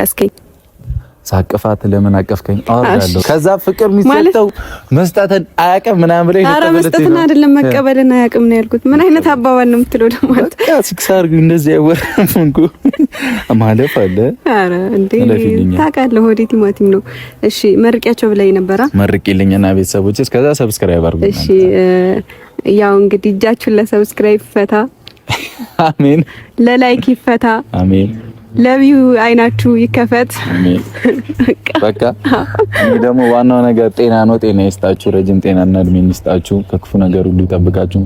ያስከኝ ሳቅፋት ለምን አቀፍከኝ? አወራለሁ። ከዛ ፍቅር የሚሰጠው መስጠትን አያቅም ምናምን ብለህ ነው። መስጠትን አይደለም መቀበልን አያቅም ነው ያልኩት። ምን አይነት አባባል ነው የምትለው? ደግሞ ሲክስ አድርጉ እንደዚህ አይወራም እንኳ ማለፍ አለ። ኧረ እንዴ ታውቃለህ፣ ሆዴ ቲማቲም ነው። እሺ መርቂያቸው ብላኝ ነበራ። መርቂልኝና ቤተሰቦች እስከዛ ሰብስክራይብ አርጉ። እሺ ያው እንግዲህ እጃችሁን ለሰብስክራይብ ፈታ። አሜን። ለላይክ ይፈታ። አሜን። ለቪው አይናችሁ ይከፈት። በቃ እንግዲህ ደግሞ ዋናው ነገር ጤና ነው። ጤና ይስጣችሁ፣ ረጅም ጤናና እድሜ ይስጣችሁ፣ ከክፉ ነገር ሁሉ ይጠብቃችሁ።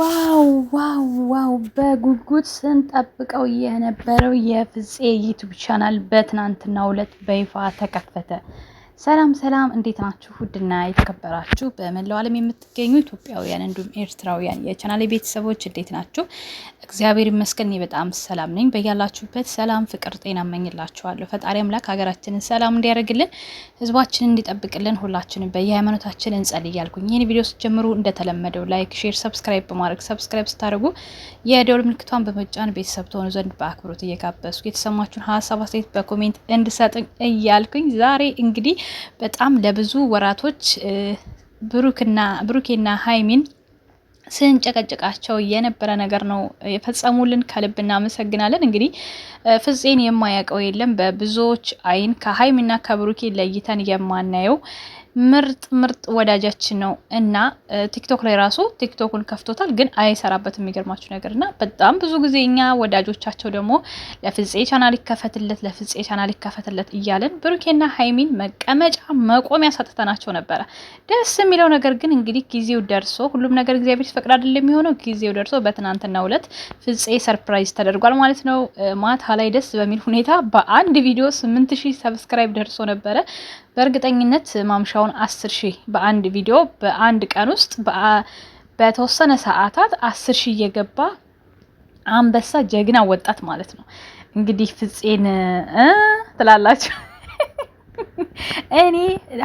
ዋው ዋው ዋው! በጉጉት ስንጠብቀው የነበረው የፍፄ ዩቱብ ቻናል በትናንትናው ዕለት በይፋ ተከፈተ። ሰላም ሰላም፣ እንዴት ናችሁ? ውድና የተከበራችሁ በመላው ዓለም የምትገኙ ኢትዮጵያውያን እንዲሁም ኤርትራውያን የቻናሌ ቤተሰቦች እንዴት ናችሁ? እግዚአብሔር ይመስገን እኔ በጣም ሰላም ነኝ። በያላችሁበት ሰላም፣ ፍቅር፣ ጤና እመኝላችኋለሁ። ፈጣሪ አምላክ ሀገራችንን ሰላም እንዲያደርግልን፣ ህዝባችንን እንዲጠብቅልን ሁላችንም በየሃይማኖታችን እንጸል እያልኩኝ ይህን ቪዲዮ ስትጀምሩ እንደተለመደው ላይክ፣ ሼር፣ ሰብስክራይብ በማድረግ ሰብስክራይብ ስታደርጉ የደውል ምልክቷን በመጫን ቤተሰብ ተሆኑ ዘንድ በአክብሮት እየጋበዝኩ የተሰማችሁን ሀሳብ አስተያየት በኮሜንት እንድሰጥ እያልኩኝ ዛሬ እንግዲህ በጣም ለብዙ ወራቶች ብሩክና ብሩኬና ሀይሚን ስንጨቀጭቃቸው የነበረ ነገር ነው የፈጸሙልን። ከልብ እናመሰግናለን። እንግዲህ ፍፄን የማያውቀው የለም። በብዙዎች አይን ከሀይሚና ከብሩኬ ለይተን የማናየው ምርጥ ምርጥ ወዳጃችን ነው እና ቲክቶክ ላይ ራሱ ቲክቶኩን ከፍቶታል፣ ግን አይሰራበት የሚገርማችሁ ነገር እና በጣም ብዙ ጊዜ እኛ ወዳጆቻቸው ደግሞ ለፍጼ ቻናል ይከፈትለት፣ ለፍጼ ቻናል ይከፈትለት እያለን ብሩኬና ሀይሚን መቀመጫ መቆሚያ ሳጥተናቸው ነበረ። ደስ የሚለው ነገር ግን እንግዲህ ጊዜው ደርሶ ሁሉም ነገር እግዚአብሔር ፈቅድ አይደል የሚሆነው። ጊዜው ደርሶ በትናንትናው ዕለት ፍፄ ሰርፕራይዝ ተደርጓል ማለት ነው። ማታ ላይ ደስ በሚል ሁኔታ በአንድ ቪዲዮ ስምንት ሺህ ሰብስክራይብ ደርሶ ነበረ። በእርግጠኝነት ማምሻውን አስር ሺህ በአንድ ቪዲዮ በአንድ ቀን ውስጥ በተወሰነ ሰዓታት አስር ሺህ እየገባ አንበሳ ጀግና ወጣት ማለት ነው። እንግዲህ ፍፄን ትላላችሁ። እኔ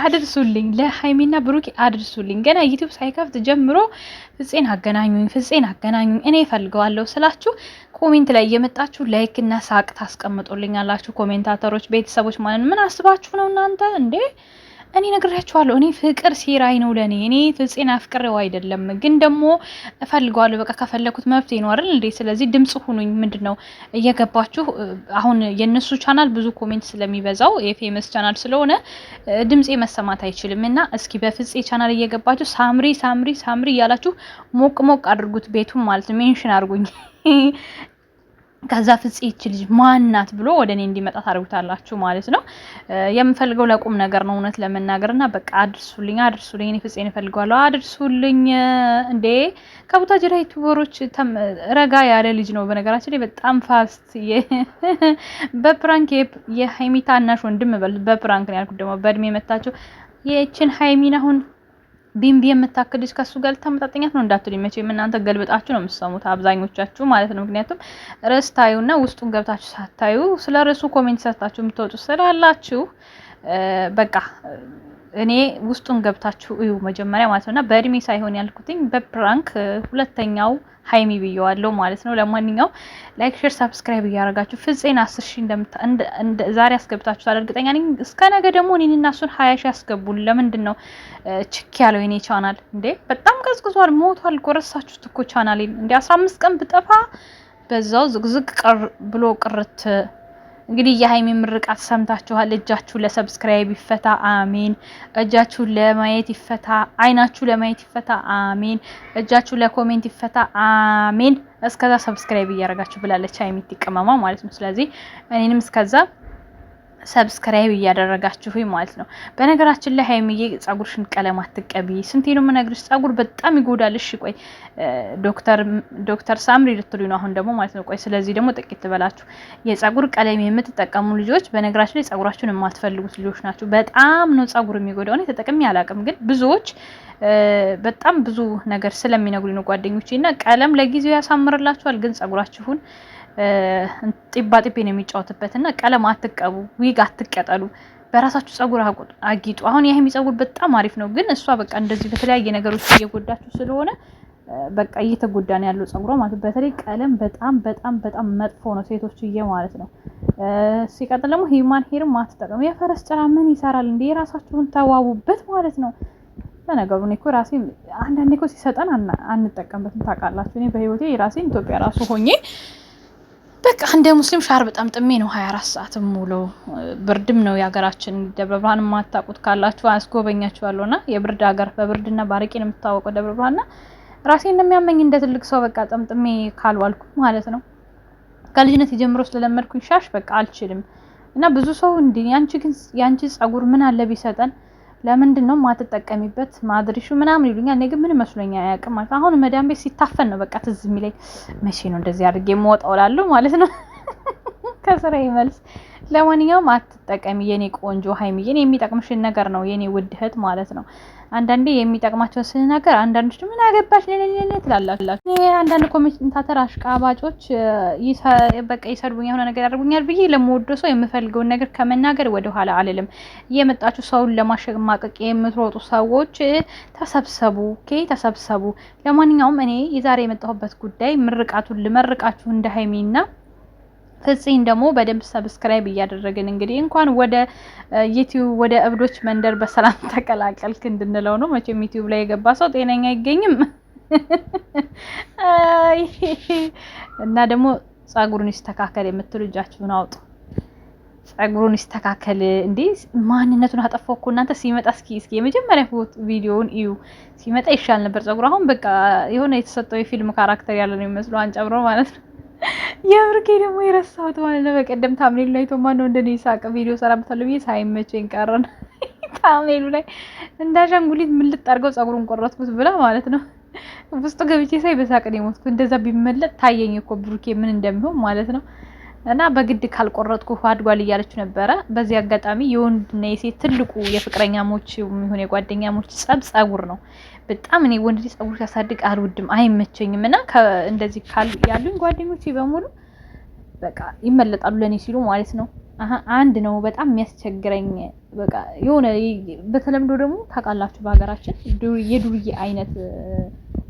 አድርሱልኝ፣ ለሀይሚና ብሩኬ አድርሱልኝ። ገና ዩቲዩብ ሳይከፍት ጀምሮ ፍፄን አገናኙኝ፣ ፍፄን አገናኙኝ፣ እኔ ፈልገዋለሁ ስላችሁ ኮሜንት ላይ እየመጣችሁ ላይክ እና ሳቅ ታስቀምጡልኛላችሁ። ኮሜንታተሮች ቤተሰቦች ማለት ምን አስባችሁ ነው እናንተ እንዴ? እኔ ነግራችኋለሁ። እኔ ፍቅር ሴራይ ነው ለእኔ። እኔ ፍፄን አፍቅሬው አይደለም፣ ግን ደግሞ እፈልገዋለሁ። በቃ ከፈለኩት መብት ይኖርል እንዴ? ስለዚህ ድምጽ ሁኑኝ። ምንድነው እየገባችሁ አሁን የነሱ ቻናል ብዙ ኮሜንት ስለሚበዛው የፌመስ ቻናል ስለሆነ ድምፄ መሰማት አይችልም። እና እስኪ በፍጼ ቻናል እየገባችሁ ሳምሪ ሳምሪ ሳምሪ እያላችሁ ሞቅ ሞቅ አድርጉት ቤቱን ማለት ነው። ሜንሽን አድርጉኝ ከዛ ፍጽ ይች ልጅ ማናት ብሎ ወደ እኔ እንዲመጣ ታደርጉታላችሁ ማለት ነው። የምፈልገው ለቁም ነገር ነው እውነት ለመናገር እና በቃ አድርሱልኝ፣ አድርሱልኝ እኔ ፍጽን እፈልገዋለሁ፣ አድርሱልኝ። እንዴ ከቡታ ዩቱበሮች ረጋ ያለ ልጅ ነው በነገራችን ላይ በጣም ፋስት። በፕራንክ የሀይሚ ታናሽ ወንድም በፕራንክ ነው ያልኩት ደግሞ በእድሜ መታቸው የችን ሀይሚን አሁን ቢምቢ የምታክልሽ ከሱ ጋር ልታመጣጠኛት ነው እንዳትሉ፣ መቼም እናንተ ገልብጣችሁ ነው የምትሰሙት አብዛኞቻችሁ ማለት ነው። ምክንያቱም ርዕስ ታዩና ውስጡን ገብታችሁ ሳታዩ ስለ ርዕሱ ኮሜንት ሰጥታችሁ የምትወጡ ስላላችሁ በቃ እኔ ውስጡን ገብታችሁ እዩ መጀመሪያ ማለት ነው። እና በእድሜ ሳይሆን ያልኩትኝ በፕራንክ ሁለተኛው ሀይሚ ብየዋለው ማለት ነው። ለማንኛው ላይክ፣ ሼር፣ ሳብስክራይብ እያደረጋችሁ ፍጼን አስር ሺ ዛሬ አስገብታችሁ እርግጠኛ ነኝ። እስከ ነገ ደግሞ እኔን እና እሱን ሀያ ሺ ያስገቡን። ለምንድን ነው ችክ ያለው የኔ ቻናል እንዴ? በጣም ቀዝቅዟል፣ ሞቷል። ጎረሳችሁት እኮ ቻናሌን እንዴ! አስራ አምስት ቀን ብጠፋ በዛው ዝቅዝቅ ብሎ ቅርት እንግዲህ የሀይሚ ምርቃት ሰምታችኋል። እጃችሁ ለሰብስክራይብ ይፈታ አሜን። እጃችሁ ለማየት ይፈታ፣ አይናችሁ ለማየት ይፈታ አሜን። እጃችሁ ለኮሜንት ይፈታ አሜን። እስከዛ ሰብስክራይብ እያደረጋችሁ ብላለች ሀይሚ ትቀመማ ማለት ነው። ስለዚህ እኔንም እስከዛ ሰብስክራይብ እያደረጋችሁ ማለት ነው። በነገራችን ላይ ሀይሚዬ ጸጉርሽን ቀለም አትቀቢ፣ ስንቴ ነው የምነግርሽ? ጸጉር በጣም ይጎዳል። እሺ ቆይ ዶክተር ሳምሪ ልትሉ ነው አሁን ደግሞ ማለት ነው። ቆይ ስለዚህ ደግሞ ጥቂት ትበላችሁ። የጸጉር ቀለም የምትጠቀሙ ልጆች፣ በነገራችን ላይ ጸጉራችሁን የማትፈልጉት ልጆች ናቸው። በጣም ነው ጸጉር የሚጎዳው። እኔ ተጠቅሜ አላቅም፣ ግን ብዙዎች በጣም ብዙ ነገር ስለሚነግሩኝ ነው ጓደኞቼ። እና ቀለም ለጊዜው ያሳምርላችኋል፣ ግን ጸጉራችሁን ጢባ ጢቤ ነው የሚጫወትበት እና ቀለም አትቀቡ፣ ዊግ አትቀጠሉ፣ በራሳችሁ ጸጉር አጊጡ። አሁን የሀይሚ ጸጉር በጣም አሪፍ ነው፣ ግን እሷ በቃ እንደዚህ በተለያየ ነገሮች እየጎዳችሁ ስለሆነ በቃ እየተጎዳ ነው ያለው ጸጉሯ ማለት በተለይ ቀለም በጣም በጣም በጣም መጥፎ ነው ሴቶችዬ ማለት ነው። ሲቀጥል ደግሞ ሂማን ሄርም አትጠቀሙ። የፈረስ ጭራ ምን ይሰራል እንዴ? የራሳችሁን ተዋቡበት ማለት ነው። ለነገሩ እኔ እኮ ራሴ አንዳንዴ እኮ ሲሰጠን አንጠቀምበትም ታውቃላችሁ። እኔ በህይወቴ ራሴ ኢትዮጵያ ራሱ ሆኜ በቃ እንደ ሙስሊም ሻርብ ጠምጥሜ ነው 24 ሰዓት ሙሉ። ብርድም ነው የሀገራችን። ደብረ ብርሃን የማታውቁት ካላችሁ አስጎበኛችኋለሁ። እና የብርድ ሀገር በብርድና ባረቄ ነው የምታወቀው ደብረ ብርሃን። እና ራሴን የሚያመኝ እንደ ትልቅ ሰው በቃ ጠምጥሜ ካልዋልኩ ማለት ነው። ከልጅነት ጀምሮ ስለለመድኩኝ ሻሽ በቃ አልችልም። እና ብዙ ሰው እንዲህ ያንቺ ግን ያንቺ ጸጉር ምን አለ ቢሰጠን ለምንድን ነው ማትጠቀሚበት ማድሪሹ ምናምን ይሉኛል። እኔ ግን ምን መስሎኛ አያውቅም ማለት አሁን መዳን ቤት ሲታፈን ነው በቃ ትዝ የሚለኝ መቼ ነው እንደዚህ አድርጌ የምወጣው እላለሁ ማለት ነው ከስራ ይመልስ ለማንኛውም አትጠቀሚ የኔ ቆንጆ ሀይሚዬን፣ የሚጠቅምሽን ነገር ነው የኔ ውድ እህት ማለት ነው። አንዳንዴ የሚጠቅማቸው ስን ነገር አንዳንዶች ምን አገባሽ ለለለ ትላላችሁ። አንዳንድ ኮሜንታተር አሽቃባጮች በቃ ይሰድቡኛ የሆነ ነገር ያደርጉኛል ብዬ ለምወደው ሰው የምፈልገውን ነገር ከመናገር ወደኋላ አልልም። እየመጣችሁ ሰውን ለማሸማቀቅ የምትሮጡ ሰዎች ተሰብሰቡ፣ ኬ ተሰብሰቡ። ለማንኛውም እኔ የዛሬ የመጣሁበት ጉዳይ ምርቃቱን ልመርቃችሁ እንደ ሀይሚና ፍጺን ደግሞ በደንብ ሰብስክራይብ እያደረግን እንግዲህ እንኳን ወደ ዩቲዩብ ወደ እብዶች መንደር በሰላም ተቀላቀልክ እንድንለው ነው። መቼም ዩቲዩብ ላይ የገባ ሰው ጤነኛ አይገኝም። እና ደግሞ ጸጉሩን ይስተካከል የምትሉ እጃችሁን አውጡ። ጸጉሩን ይስተካከል እንዴ! ማንነቱን አጠፋው እኮ እናንተ። ሲመጣ እስኪ እስኪ የመጀመሪያ ቪዲዮውን እዩ። ሲመጣ ይሻል ነበር ጸጉሩ። አሁን በቃ የሆነ የተሰጠው የፊልም ካራክተር ያለ ነው የሚመስለው አንጨብሮ ማለት ነው። የብሩኬ ደግሞ የረሳሁት ማለት ነው። በቀደም ታምኔሉ ላይ ቶማ ነው እንደ ሳቅ ቪዲዮ ሰራበታለሁ ብዬ ሳይመቸኝ ነው። ታምኔሉ ላይ እንደ አሻንጉሊት ምልጥ አድርገው ጸጉሩን ቆረጥኩት ብላ ማለት ነው። ውስጡ ገብቼ ሳይ በሳቅ ነው የሞትኩት። እንደዛ ቢመለጥ ታየኝ እኮ ብሩኬ ምን እንደሚሆን ማለት ነው። እና በግድ ካልቆረጥኩ አድጓል እያለች ነበረ። በዚህ አጋጣሚ የወንድና የሴት ትልቁ የፍቅረኛሞች የሚሆን የጓደኛሞች ጸብ ጸጉር ነው። በጣም እኔ ወንድ ጸጉር ሲያሳድግ አልወድም፣ አይመቸኝም። እና እንደዚህ ያሉኝ ጓደኞች በሙሉ በቃ ይመለጣሉ ለእኔ ሲሉ ማለት ነው። አንድ ነው በጣም የሚያስቸግረኝ በቃ የሆነ በተለምዶ ደግሞ ታውቃላችሁ፣ በሀገራችን የዱርዬ አይነት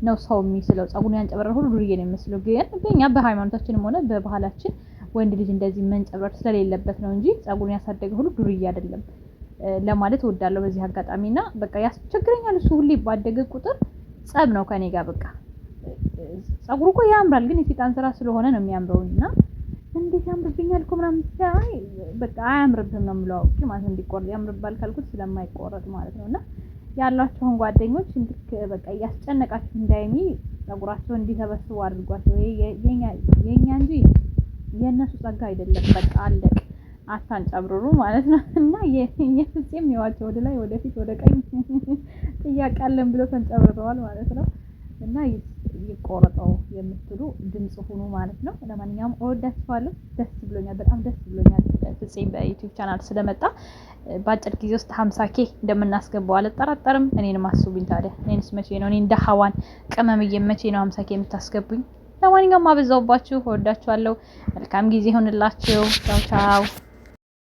ነው ሰው የሚስለው ጸጉሩን ያንጨበረ ሁሉ ዱርዬ ነው የሚመስለው። ግን በኛ በሃይማኖታችንም ሆነ በባህላችን ወንድ ልጅ እንደዚህ መንጨበር ስለሌለበት ነው እንጂ ጸጉሩን ያሳደገ ሁሉ ዱርዬ አይደለም ለማለት እወዳለሁ በዚህ አጋጣሚ እና በቃ ያስቸግረኛል። እሱ ሁሌ ባደገ ቁጥር ጸብ ነው ከኔ ጋር በቃ ጸጉሩ እኮ ያምራል፣ ግን የሴጣን ስራ ስለሆነ ነው የሚያምረው እና እንዴት ያምርብኛል እኮ ምናምን በቃ አያምርብህም ነው የምለው አውቄ ማለት ነው። እንዲቆረጥ ያምርባል ካልኩት ስለማይቆረጥ ማለት ነው እና ያላቸውን ጓደኞች እንድክ በቃ እያስጨነቃችሁ እንዳይሚ ጸጉራቸው እንዲሰበስቡ አድርጓቸው የኛ እንጂ የእነሱ ጸጋ አይደለም። በቃ አለቅ አታንጨብርሩ ማለት ነው። እና የፍፄም የዋቸው ወደ ላይ ወደፊት ወደ ቀኝ ጥያቄ አለን ብሎ ተንጨብርረዋል ማለት ነው። እና ይቆረጠው የምትሉ ድምፅ ሁኑ ማለት ነው። ለማንኛውም እወዳችኋለሁ። ደስ ብሎኛል፣ በጣም ደስ ብሎኛል። ፍፄም በዩቲዩብ ቻናል ስለመጣ በአጭር ጊዜ ውስጥ ሀምሳ ኬ እንደምናስገባው አልጠራጠርም። እኔንም አስቡኝ ታዲያ። እኔንስ መቼ ነው እኔ እንደ ሀዋን ቅመምዬ መቼ ነው ሀምሳ ኬ የምታስገቡኝ? ለማንኛውም አበዛውባችሁ፣ እወዳችኋለሁ። መልካም ጊዜ ይሆንላችሁ። ቻው ቻው።